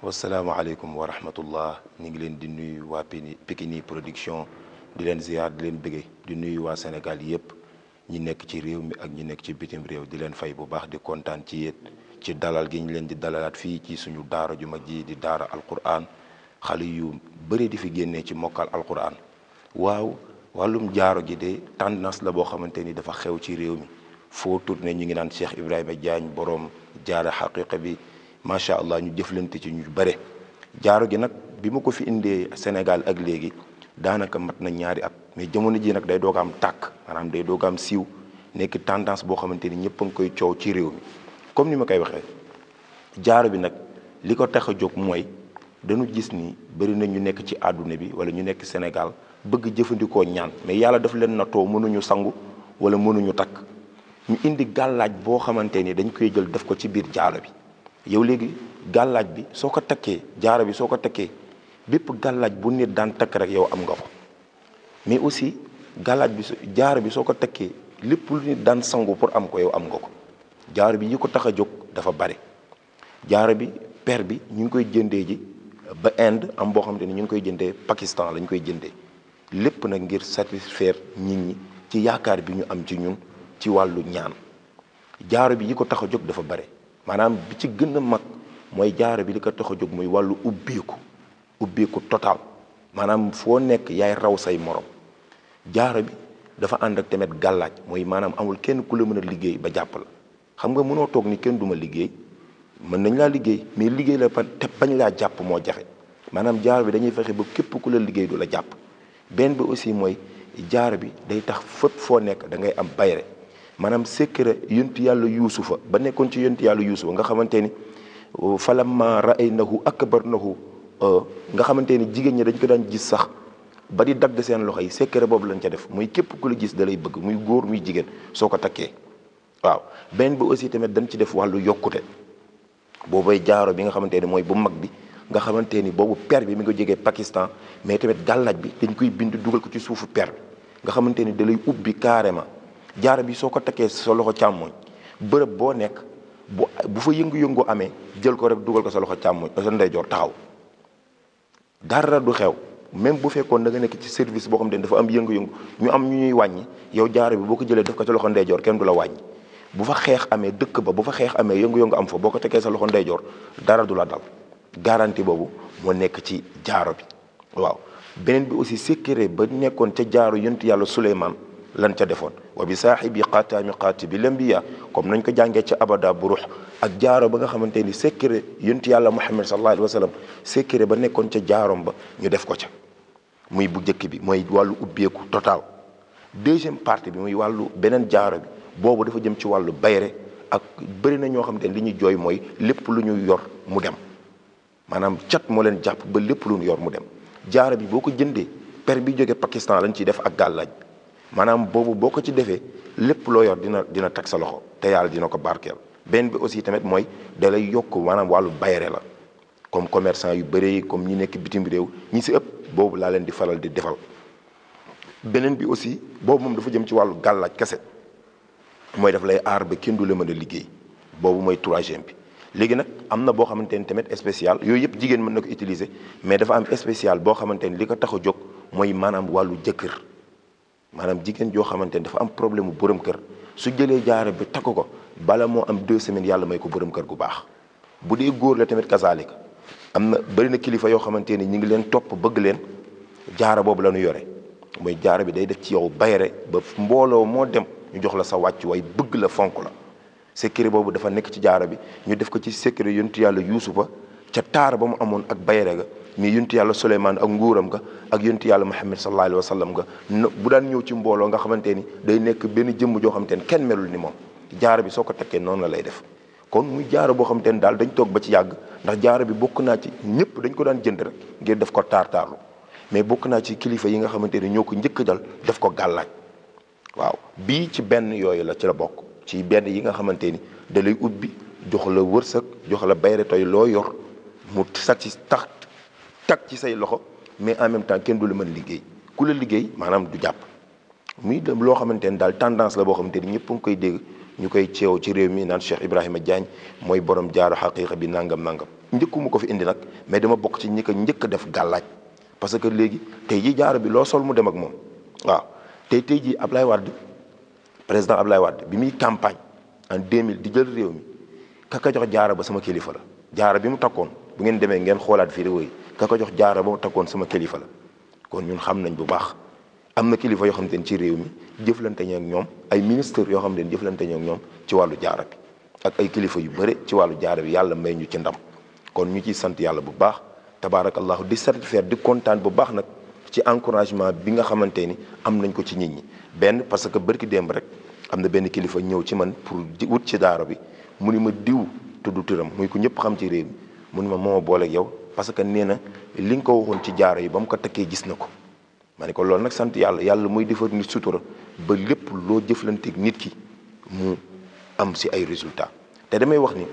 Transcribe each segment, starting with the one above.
wasalaamaaleykum wa rahmatullah ñu ngi leen di nuyu waa Pikini production di leen ziar di leen bëggee di nuyu waa Sénégal yëpp ñi nekk ci réew mi ak ñi nekk ci bitim réew di leen fay bu baax di kontaan ci yéen ci dalal gi ñu leen di dalalaat fii ci suñu daara ju mag ji di daara alquran xale yu bëri di fi génnee ci mokkal alquran waaw wàllum jaaro gi de tendance la boo xamante ni dafa xew ci réew mi foo tourné ñu ngi naan Cheikh Ibrahima Diagne borom jaara xaqiqa bi. macha allah ñu jëflante ci ñu bare jaaro gi nag bi ma ko fi indee Sénégal ak léegi daanaka mat na ñaari at mais jamono ji nag day doog am tàkk maanaam day doog am siiw nekk tendance boo xamante ni ñëpp a ngi koy coow ci réew mi comme ni ma koy waxee jaaro bi nag li ko tax a jóg mooy dañu gis ni bëri na ñu nekk ci àdduna bi wala ñu nekk Sénégal bëgg jëfandikoo ñaan mais yàlla daf leen natoo mënuñu sangu wala mënuñu takk ñu indi gàllaaj boo xamante ni dañ koy jël def ko ci biir jaaro bi yow léegi gàllaaj bi soo ko takkee jaaro bi soo ko takkee bépp gàllaaj bu nit daan takk rek yow am nga ko mais aussi gàllaaj bi jaaro bi soo ko takkee lépp lu nit daan sangu pour am ko yow am nga ko jaaro bi yi ko tax a jóg dafa bare jaaro bi per bi ñu ngi koy jëndee ji ba Inde am boo xam ne ñu ngi koy jëndee Pakistan lañ koy jëndee lépp nag ngir satisfaire nit ñi ci yaakaar bi ñu am ci ñun ci wàllu ñaan jaaro bi yi ko tax a jóg dafa bare maanaam bi ci gën a mag mooy jaaro bi li ko tax a jóg mooy wàllu ubbeeku ubbeeku total maanaam foo nekk yaay raw say morom jaaro bi dafa ànd ak tamit gàllaaj mooy maanaam amul kenn ku la mën a liggéey ba jàpp la xam nga mënoo toog ni kenn duma liggéey mën nañ laa liggéey mais liggéey la pa te bañ laa jàpp moo jaxe maanaam jaaro bi dañuy fexe ba képp ku la liggéey du la jàpp benn bi aussi mooy jaaro bi day tax fépp foo nekk da ngay am bayre maanaam secret yontu yàlla yuusufa ba nekkoon ci yontu yàlla yuusufa nga xamante ni euh, falamma ra'aynahu akbarnahu euh, nga xamante ni jigéen ñi dañ ko daan gis sax ba di dagg seen loxo yi secret boobu lañ ca def mooy képp ku la gis dalay bëgg muy góor muy jigéen soo ko takkee waaw benn bi aussi tamit dañ ci def wàllu yokkute boobooy jaaro bi nga xamante ni mooy bu mag bi nga xamante ni boobu per bi mi nga jógee Pakistan mais tamit gàllaaj bi dañ koy bind dugal ko ci suufu per nga xamante ni da ubbi carrément jaaro bi soo ko takkee sa loxo càmmooñ bërëb boo nekk bu bu fa yëngu-yëngu amee jël ko rek dugal ko sa loxo càmmooñ sa ndeyjoor taxaw dara du xew même bu fekkoon da nekk ci service boo xam ne dafa am yëngu-yëngu ñu am ñu ñuy wàññi yow jaara bi boo ko jëlee def ko sa loxo ndeyjoor kenn du la wàññi bu fa xeex amee dëkk ba bu fa xeex amee yëngu am fa boo ko tekkee sa loxo ndeyjoor dara du la dal garanti boobu moo nekk ci jaaro bi waaw beneen bi aussi sécurité ba nekkoon ca jaaro yonent yàlla Suleymaan lan ca defoon wa bi saaxibi xaataami bi lambiya comme nañ ko jàngee ca abada bu ruux ak jaaro ba nga xamante ni secret yonent yàlla muhammad sallallahu alayhi wa sallam secret ba nekkoon ca jaarom ba ñu def ko ca muy bu njëkk bi mooy wàllu ubbeeku total deuxième partie bi muy wàllu beneen jaaro bi boobu dafa jëm ci wàllu bayre ak bëri na ñoo xamante ni li ñu jooy mooy lépp lu ñu yor mu dem maanaam cat moo leen jàpp ba lépp lu yor mu dem jaaro bi boo ko jëndee per bi jóge Pakistan lañ ciy def ak gàllaaj Manam Bobu boo ci defee lépp lo dina dina sa loxo te dina ko benn bi aussi tamit moy dalay manam walu la comme commerçant yu comme ñi nekk bitim réew ñi ci ëpp le la leen di faral di bi aussi mis mom dafa jëm ci walu commerçant, cassette moy daf lay la mën a moy 3 mooy bi légui nak am bo boo spécial yooyu mën utiliser mais dafa am spécial bo maanaam jigéen joo xamante ne dafa am problème mu borom kër su jëlee jaaro bi takk ko bala moo am deux semaines yàlla may ko borom kër gu baax bu dee góor la tamit kazaalika am na bëri na kilifa yoo xamante ne ñu ngi leen topp bëgg leen jaaro boobu la ñu yore mooy jaaro bi day def ci yow bayre ba mbooloo moo dem ñu jox la sa wàcc way bëgg la fonk la secret boobu dafa nekk ci jaaro bi ñu def ko ci secret yontu yàlla yuusufa ca taar ba mu amoon ak bayre ga mii yunt yàlla Suleymaan ak nguuram nga ak yunt yàlla Muhammad sallallahu alayhi wa sallam nga bu daan ñëw ci mbooloo nga xamante ni day nekk benn jëmm joo xamante ni kenn melul ni moom jaara bi soo ko tekkee noonu la lay def kon muy jaara boo xamante ni daal dañ toog ba ci yàgg ndax bi bokk naa ci ñëpp dañ ko daan jënd rek ngir def ko taar-taarlu mais bokk naa ci kilifa yi nga xamante ni ñoo ko njëkk dal def ko gàllaaj waaw bii ci benn yooyu la ci la bokk ci benn yi nga xamante ni da lay ubbi jox la wërsëg jox la bayre loo yor mu sax tax tak ci say loxo mais en même temps kenn du la mën liggéey ku la liggéey maanaam du jàpp muy dem loo xamante daal tendance la boo xamanteni ni ñëpp ngi koy dégg ñu koy ceew ci réew mi naan Cheikh Ibrahima Diagne mooy borom jaaru xaqiiqa bi nangam nangam njëkkuma ko fi indi nag mais dama bokk ci ñi ko njëkk def gàllaaj parce que léegi tey ji jaaru bi loo sol mu dem ak moom waaw tey tey ji Ablaye Wade président Ablaye Wade bi muy campagne en 2000 di jël réew mi kaka jox jaaro ba sama kilifa la jaaro bi mu takkoon bu ngeen demee ngeen xoolaat vidéo yi ka jox jaara bo takkon sama kilifa la kon ñun xam nañ bu baax amna na kilifa yoo ci rew mi jëflante ñak ñom ay ministre yo xamanteni te ne jëflante ñoom ñoom ci walu jaara bi ak ay kilifa yu bëre ci walu jaara bi yalla may ñu ci ndam kon ñu ci sante yalla bu baax tabarakallahu di certifier di contane bu baax nak ci encouragement bi nga xamanteni am nañ ko ci nit ñi ben parce que barki démb rek amna ben kilifa ci man pour wut ci daara bi mune ma diw tuddu turam muy ko ñepp xam ci rew mi ma yow parce que nee na li nga ko waxoon ci jaaro yi ba mu ko takkee gis na ko ma ne ko loolu nag sant yàlla yàlla muy defar nit sutura ba lépp loo jëflanteeg nit ki mu am si ay résultat te damay wax ni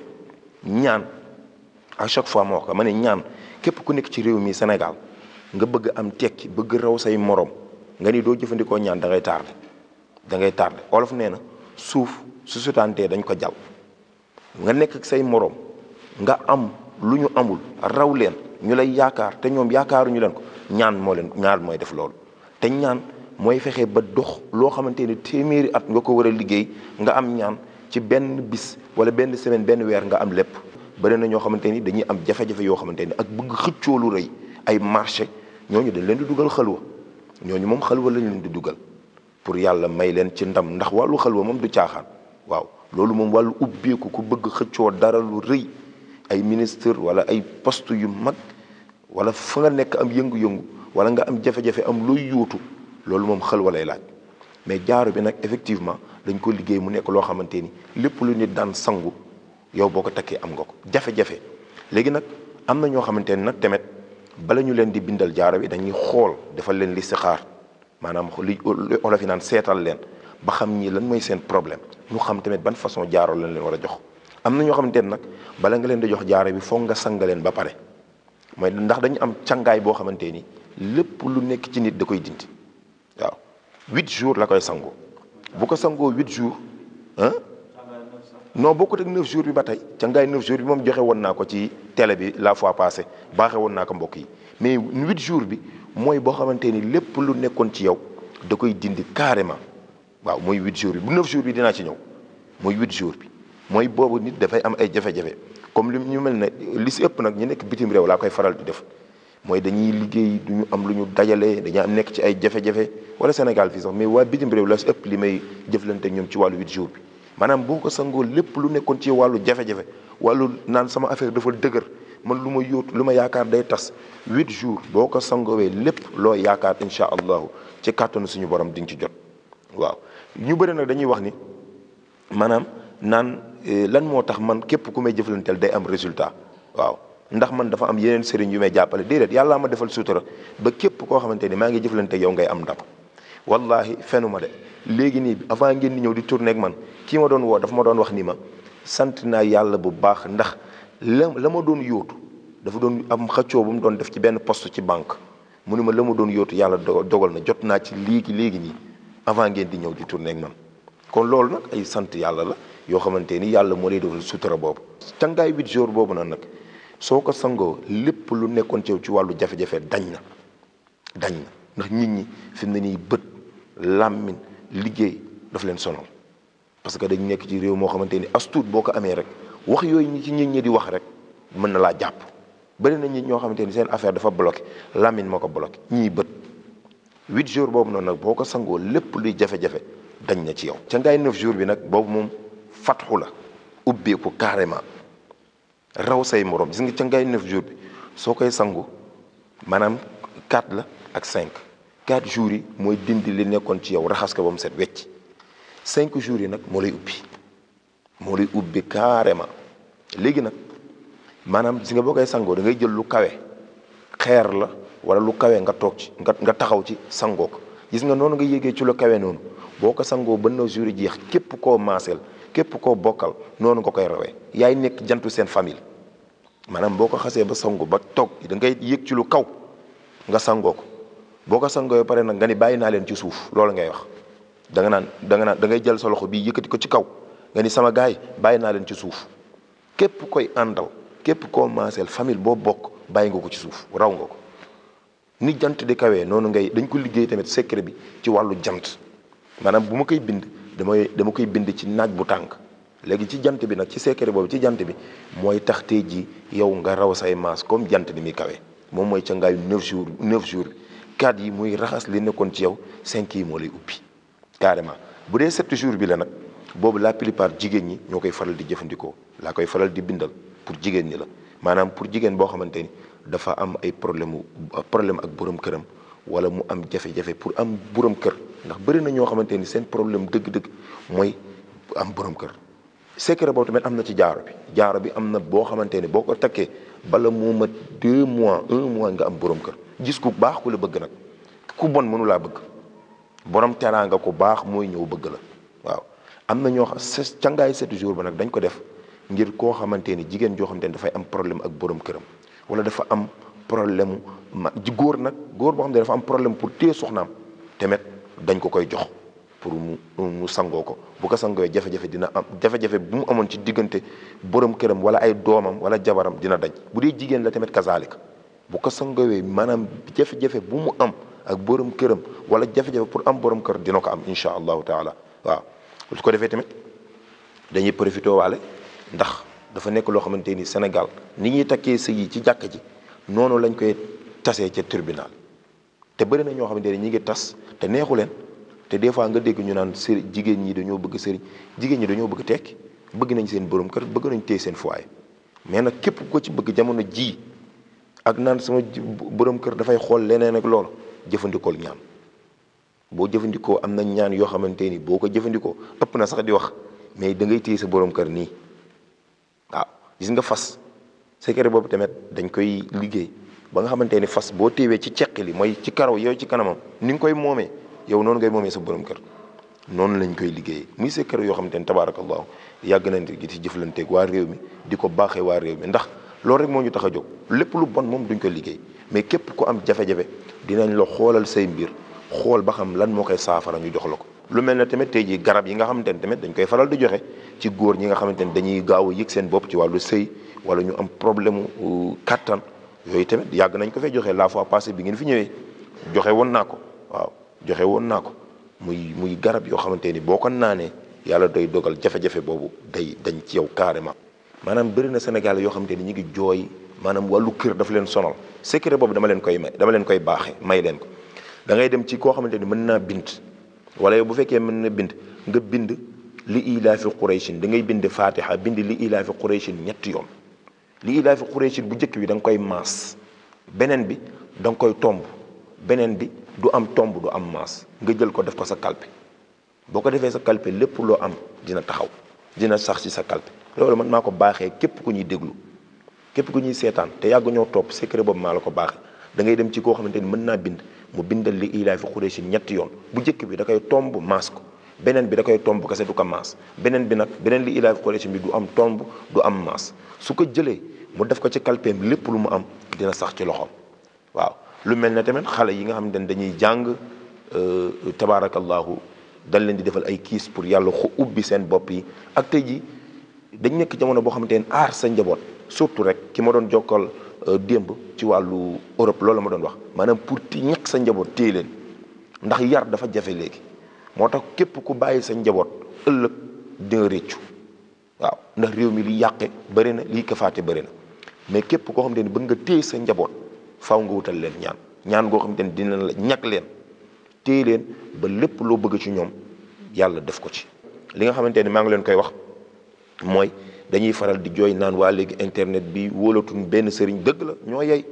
ñaan à chaque fois ma wax ko ma ñaan képp ku nekk ci réew mi Sénégal nga bëgg am tekki bëgg raw say moroom nga ni doo jëfandikoo ñaan da ngay tardé da ngay tardé olof nee na suuf su sutantee dañ ko jal nga nekk say moroom nga am lu ñu amul raw leen ñu lay yaakaar te ñoom yaakaaruñu leen ko ñaan moo leen ñaar mooy def loolu te ñaan mooy fexe ba dox loo xamante ni téeméeri at nga ko war a liggéey nga am ñaan ci benn bis wala benn semaine benn weer nga am lépp bëri na ñoo xamante ni dañuy am jafe-jafe yoo xamante ni ak bëgg xëccoo lu rëy ay marché ñooñu dañ leen di dugal xalwa ñooñu moom xalwa lañ leen di dugal pour yàlla may leen ci ndam ndax wàllu xalwa moom du caaxaan waaw loolu moom wàllu ubbeeku ku bëgg xëccoo dara lu rëy ay ministre wala ay poste yu mag wala fa nekk am yëngu-yëngu wala nga am jafe-jafe am looy yóotu loolu moom xel walay laaj mais jaaro bi nag effectivement dañ ko liggéey mu nekk loo xamante ni lépp lu nit daan sangu yow boo ko takkee am nga ko jafe-jafe léegi nag am na ñoo xamante ni nag tamit bala ñu leen di bindal jaaro bi dañuy xool defal leen listixaar maanaam li olof yi naan seetal leen ba xam ñii lan mooy seen problème ñu xam tamit ban façon jaaro lañ leen war a jox am na ñoo xamante ne nag bala nga leen di jox jaare bi foog nga sanga leen ba pare mooy ndax dañu am cangaay boo xamante ni lépp lu nekk ci nit da koy dindi waaw huit jours la koy sangoo bu ko sangoo huit jours ah non bokkut ak neuf jours bi ba tey cangaay neuf jours bi moom joxe woon naa ko ci télé bi la fois passée baaxe naa ko mbokk yi mais huit jours bi mooy boo xamante ni lépp lu nekkoon ci yow da koy dindi carrément waaw mooy huit jours bu neuf jours bi dinaa ci ñëw mooy huit jours bi mooy boobu nit dafay am ay jafe-jafe comme li ñu mel na li si ëpp nag ñu nekk bitim réew laa koy faral di def mooy dañuy liggéey du ñu am lu ñu dajale dañuy nekk ci ay jafe-jafe wala Sénégal fii sax mais waa bitim réew la si ëpp li may jëflante ñoom ci wàllu huit jours bi maanaam boo ko sangoo lépp lu nekkoon ci wàllu jafe-jafe wàllu naan sama affaire dafa dëgër man lu ma yóotu lu ma yaakaar day tas huit jours boo ko sangoowee lépp loo yaakaar incha allahu ci kàttanu suñu borom di ci jot waaw ñu bëri nag dañuy wax ni maanaam. naan eh, lan moo tax man képp ku may jëflanteel day am résultat waaw ndax man dafa am yeneen sëriñ yu may jàppale déedéet yàllaa ma defal sutura ba képp koo xamante ni maa ngi jëflante yow ngay am ndam wallahi fenu ma de léegi nii avant ngeen di ñëw di tourné man kii ma doon woo dafa doon wax ni ma sant naa yàlla bu baax ndax la la ma doon yóotu dafa doon am xëccoo bu mu doon def ci benn poste ci banque mu ni ma la ma doon yóotu yàlla dogal na jot naa ci léegi léegi nii avant ngeen di ñëw di tourné ak man kon loolu nag ay sant yàlla la yoo xamante ni yàlla moo lay defal sutura boobu càngaay huit jours boobu na nag soo ko sangoo lépp lu nekkoon ci ci wàllu jafe-jafe dañ na dañ ndax nit ñi fi mu bët làmmin liggéey daf leen sonal parce que dañ nekk ci réew moo xamante ni as boo ko amee rek wax yooyu ñi ci nit ñi di wax rek mën na laa jàpp bëri na nit ñoo xamante ni seen affaire dafa bloqué làmmin moo ko bloqué ñii bët huit jours boobu noonu nag boo ko sangoo lépp luy jafe-jafe dañ na ci yow. càngaay neuf jours bi nag boobu moom. fatxu la ubbeeku carrément raw say morom gis nga ca ngaay neuf jours bi soo koy sangu maanaam quatre la ak cinq quatre jours yi mooy dindi li nekkoon ci yow raxas ko ba mu set wecc cinq jours yi nag moo lay ubbi moo lay ubbi carrément léegi nag maanaam gis nga boo koy sangoo da ngay jël lu kawe xeer la wala lu kawe nga toog ci nga nga taxaw ci sangoo ko gis nga noonu nga yéegee ci lu kawe noonu boo ko sangoo ba neuf jours yi jeex képp koo maaseel képp koo bokkal noonu nga koy rawee yaay nekk jantu seen famille maanaam boo ko xasee ba sangu ba toog da ngay yëg ci lu kaw nga sangoo ko boo ko sangoo pare nag nga ni bàyyi naa leen ci suuf loolu ngay wax da nga da nga naan da jël sa loxo bii yëkkati ko ci kaw nga ni sama gaay bàyyi naa leen ci suuf képp koy àndal képp koo maaseel famille boo bokk bàyyi nga ko ci suuf raw nga ko ni jant di kawee noonu ngay dañ ko liggéey tamit secret bi ci wàllu jant maanaam bu ma koy bind damay dama koy bind ci naaj bu tànk léegi ci jant bi nag ci secret boobu ci jant bi mooy tax tey ji yow nga raw say maas comme jant bi muy kawe moom mooy cangaayu neuf jours neuf jours bi quatre yi muy raxas li nekkoon ci yow cinq yi moo lay uppi bu dee sept jours bi la nag boobu la plupart jigéen ñi ñoo koy faral di jëfandikoo laa koy faral di bindal pour jigéen ñi la maanaam pour jigéen boo xamante ni dafa am ay problème problème ak borom këram wala mu am jafe-jafe pour am borom kër ndax bëri na ñoo xamante ni seen problème dëgg-dëgg mooy am borom kër. secret boobu tamit am na ci jaaro bi jaaro bi am na boo xamante ni boo ko takkee bala moo mat deux mois mois nga am borom kër gis ku baax ku la bëgg nag ku bon mënu bëgg borom teraanga ko baax mooy ñëw bëgg la waaw. am na ñoo xam se cangaay sept jours ba nag dañ ko def ngir koo xamante ni jigéen joo xamante ni dafay am problème ak borom këram wala dafa am problème ma ji góor nag góor boo xam ne dafa am problème pour téye soxnaam tamit. dañ ko koy jox pour mu mu sangoo ko bu ko sangoowee jafe-jafe dina am jafe-jafe bu mu amoon ci diggante borom këram wala ay doomam wala jabaram dina dañ bu dee jigéen la tamit kazaalik bu ko sangoowee maanaam jafe bu mu am ak borom këram wala jafe-jafe pour am borom kër dina ko am incha allahu taala waaw su ko defee tamit dañuy profité waale ndax dafa nekk loo xamante ni Sénégal ni ñuy takkee sëy ci jàkka ji noonu lañ koy tasee ca tribunal te bëri na ñoo xamante ne ñi ngi tas te neexu leen te des fois nga dégg ñu naan sëriñ jigéen ñi dañoo bëgg sëriñ jigéen ñi dañoo bëgg tekki bëgg nañ seen borom kër bëgg nañ téye seen foyer mais nag képp ko ci bëgg jamono jii ak naan sama borom kër dafay xool leneen ak loolu jëfandikool ñaan boo jëfandikoo am na ñaan yoo xamante ni boo ko jëfandikoo ëpp na sax di wax mais da ngay téye sa borom kër nii waaw gis nga fas secret boobu tamit dañ koy liggéey. ba nga xamanteni fas bo téewee ci ceq moy ci karaw yow ci kanamam ni nga koy momé yow non ngay momé sa borom kër non lañ koy liggéeyee muy see kër yoo xamante ni tabaarakallaahu yàgg nañ ci ak wa réew mi diko baxé wa réew mi ndax lool rek moo ñu tax a lépp lu bon mom duñ koy liggéey mais képp ko am jafé jafe dinañ la xolal say mbir xol ba xam lan mo koy saafara ñu jox lako lu melni tamit tayji garab yi nga xamanteni tamit dañ koy faral di joxé ci goor yi nga xamanteni dañuy gaaw a seen bop ci walu sëy wala ñu am problème mu yooyu tamit yàgg nañ ko fee joxe la fois passée bi ngeen fi ñëwee joxe woon naa ko waaw joxe woon naa ko muy muy garab yoo xamante ni boo ko naanee yàlla doy dogal jafe-jafe boobu day dañ ci yow carrément. maanaam bëri na Sénégal yoo xamante ni ñu ngi jooy maanaam kër daf leen sonal secret boobu dama leen koy may dama leen koy baaxee may leen ko da ngay ci koo xamante ni mën naa bind wala yow bu fekkee mën na bind nga bind li ilaafi Qurayshin da ngay bind Fatiha bind li ilaafi Qurayshin ñetti yoon. li ilaa fi Quraysh bu njëkk bi danga koy maas beneen bi da koy tomb beneen bi du am tomb du am maas nga jël ko def ko sa kalpe boo ko defee sa kalpe lépp loo am dina taxaw dina sax ci sa kalpe loolu man maa ko baaxee képp ku ñuy déglu képp ku ñuy seetaan te yàgg ñoo topp secret boobu maa la ko baax dangay dem ci koo xamante ni mën naa bind mu bindal li ilaa fi Quraysh ñetti yoon bu njëkk bi da koy tomb maas ko beneen bi da koy tomb kese du ko maas beneen bi nag beneen li ilaay xoreesim bi du am tomb du am maas su ko jëlee mu def ko ci kalpeem lépp lu mu am dina sax ci loxoom waaw lu mel ne tamit xale yi nga xam ne dañuy jàng euh, tabaarakallahu dañ leen di defal ay kiis pour yàlla xu ubbi seen bopp yi ak tey ji dañ nekk jamono boo xamante ne aar sa njaboot surtout rek ki ma doon jokkal euh, démb ci wàllu Europe loolu ma doon wax maanaam pour ti ñaq sa njaboot téye leen ndax yar dafa jafe léegi moo tax képp ku bàyyi sa njaboot ëllëg dina réccu waaw ndax réew mi li yàqe bëri na lii kafaate bëri na mais képp koo xam ne bëgg nga téye sa njaboot faaw nga wutal leen ñaan ñaan goo xam ne dina la ñàkk leen téye leen ba lépp loo bëgg ci ñoom yàlla def ko ci. li nga xamante ne maa ngi leen koy wax mooy dañuy faral di jooy naan waa léegi internet bi wóolatuñ benn sëriñ dëgg la ñoo yey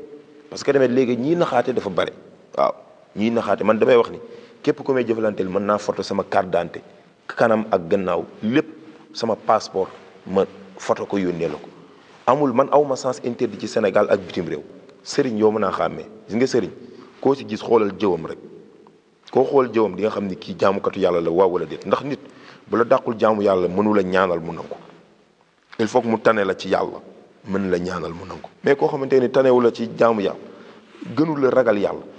parce que tamit léegi ñii naxaate dafa bare waaw ñii naxaate man damay wax ni. képp ku may jëflanteel mën naa foto sama carte d'identité kanam ak gannaaw lépp sama passeport ma photo ko yónnee la ko amul man aw ma sens interdit ci Sénégal ak bitim réew sëriñ yoo mën a xàmmee gis nga sëriñ koo ci gis xoolal jëwam rek koo xool jëwam di nga xam ni kii jaamukatu yàlla la waaw wala déet ndax nit bu la dàqul jaamu yàlla mënu la ñaanal mu nangu il faut mu tane la ci yàlla mën la ñaanal mu nangu mais koo xamante ni tanewu la ci jaamu yàlla gënul la ragal yàlla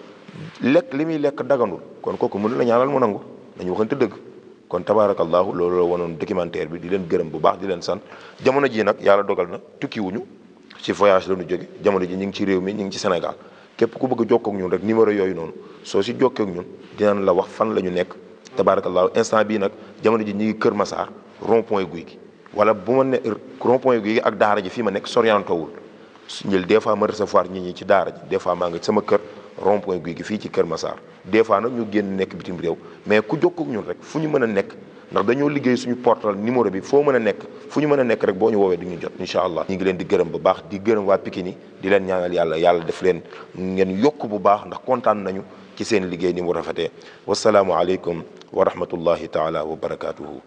lekk li muy lekk daganul kon kooku mënu la ñaanal mu nangu dañu waxante dëgg kon tabaarakallaahu loolu la wanoon documentaire bi di leen gërëm bu baax di leen sant jamono ji nag yàlla dogal na tukkiwuñu ci voyage la ñu jóge jamono ji ñu ngi ci réew mi ñu ngi ci Sénégal képp ku bëgg a jokkoo ñun rek numéro yooyu noonu soo si jokkoo ak ñun dinañ la wax fan la ñu nekk tabaarakallaahu instant bii nag jamono ji ñu Kër Massar rond point guy gi wala bu ma ne rond point guy daara ji fii ma nekk soriantowul ñël des fois ma recevoir nit ñi ci daara des fois maa nga sama kër rond point guy gi fii ci Kër Massar des fois nag ñu génn nekk bitim réew mais ku jokkook ñun rek fu ñu mën a nekk ndax dañoo liggéey suñu portal numéro bi foo mën a nekk fu ñu mën a nekk rek boo ñu woowee du ñu jot incha allah ñu ngi leen di gërëm bu baax di gërëm waa Pikine di leen ñaanal yàlla yàlla def leen ngeen yokk bu baax ndax kontaan nañu ci seen liggéey ni mu rafetee wasalaamualeykum wa rahmatullahi taala wa barakaatuhu